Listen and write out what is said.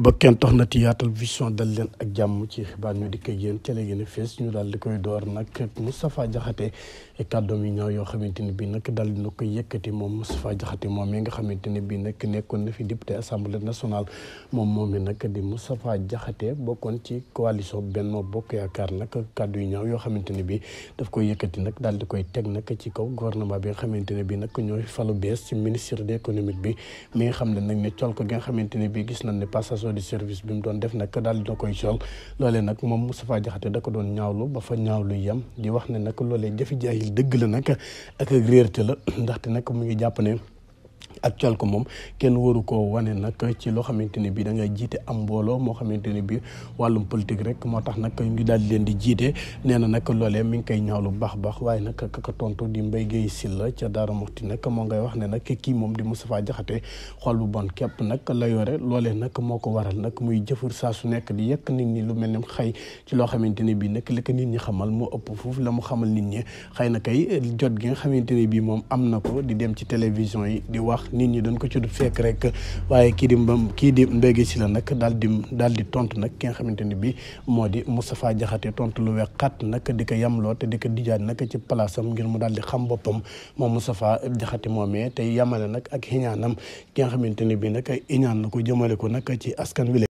bokkeen tax na ti yaatal vision dal leen ak jàmm ci xibaar ñu dikk ak yéen ca léegi ne ñu daal di koy door nag Moustapha Diakhaté kàddoom yi ñaaw yoo xamante ni bii nag daal dina ne na fi député assemblée nationale moom moom mi nag di Moustapha Diakhaté bokkoon ci coalition Benno Bokk Yaakaar nag kàddu yu ñaaw yoo xamante ne bii daf koy yëkkati nag daal di koy teg nag ci kaw gouvernement bi nga xamante ne bii nag ñooy falu bees ci ministère de l'économie bi mi acteur du service bi mu doon def nag daal dina koy sol loolee nag moom Moustapha Diakhaté da ko doon ñaawlu ba fa ñaawlu yem di wax ne nag loolee jafe-jafe dëgg la nag ak réerte la ndaxte nag mu ngi jàpp actuel ko moom kenn waru koo wane nag ci loo xamante ne bii da jiite am mbooloo moo xamante ne bii wàllum politique rek moo tax nag ñu daal di leen di jiite nee na nag loolee mi ngi koy ñaaw lu baax baax waaye nag kaka tontu di Mbaye Guèye Sylla ca Darou Mouhty nag moo ngay wax ne nag kii moom di Moustapha jaxate xool bu bon képp nag la yore loolee nag moo ko waral nag muy jëfur saa su nekk di yekk nit ñi lu mel ne xëy ci loo xamante ne bii nag li ko nit ñi xamal moo ëpp foofu la mu xamal nit ñi xëy na kay jot gi nga xamante ne bii moom am na ko di dem ci télévision yi di wax nit ñi dañ ko ci du fekk rek waaye kii di mbam kii di Mbengue Sylla nag daal di daal di tontu nag ki nga xamante ni bii moo di Moustapha Diakhaté tontu lu weexaat nag di ko yamloo te di ko dijaat nag ci palaasam ngir mu daal di xam boppam moom Moustapha Diakhaté moomee tey yamale nag ak iñaanam ki nga xamante ni bii nag iñaan na ko jëmale ko nag ci askan wi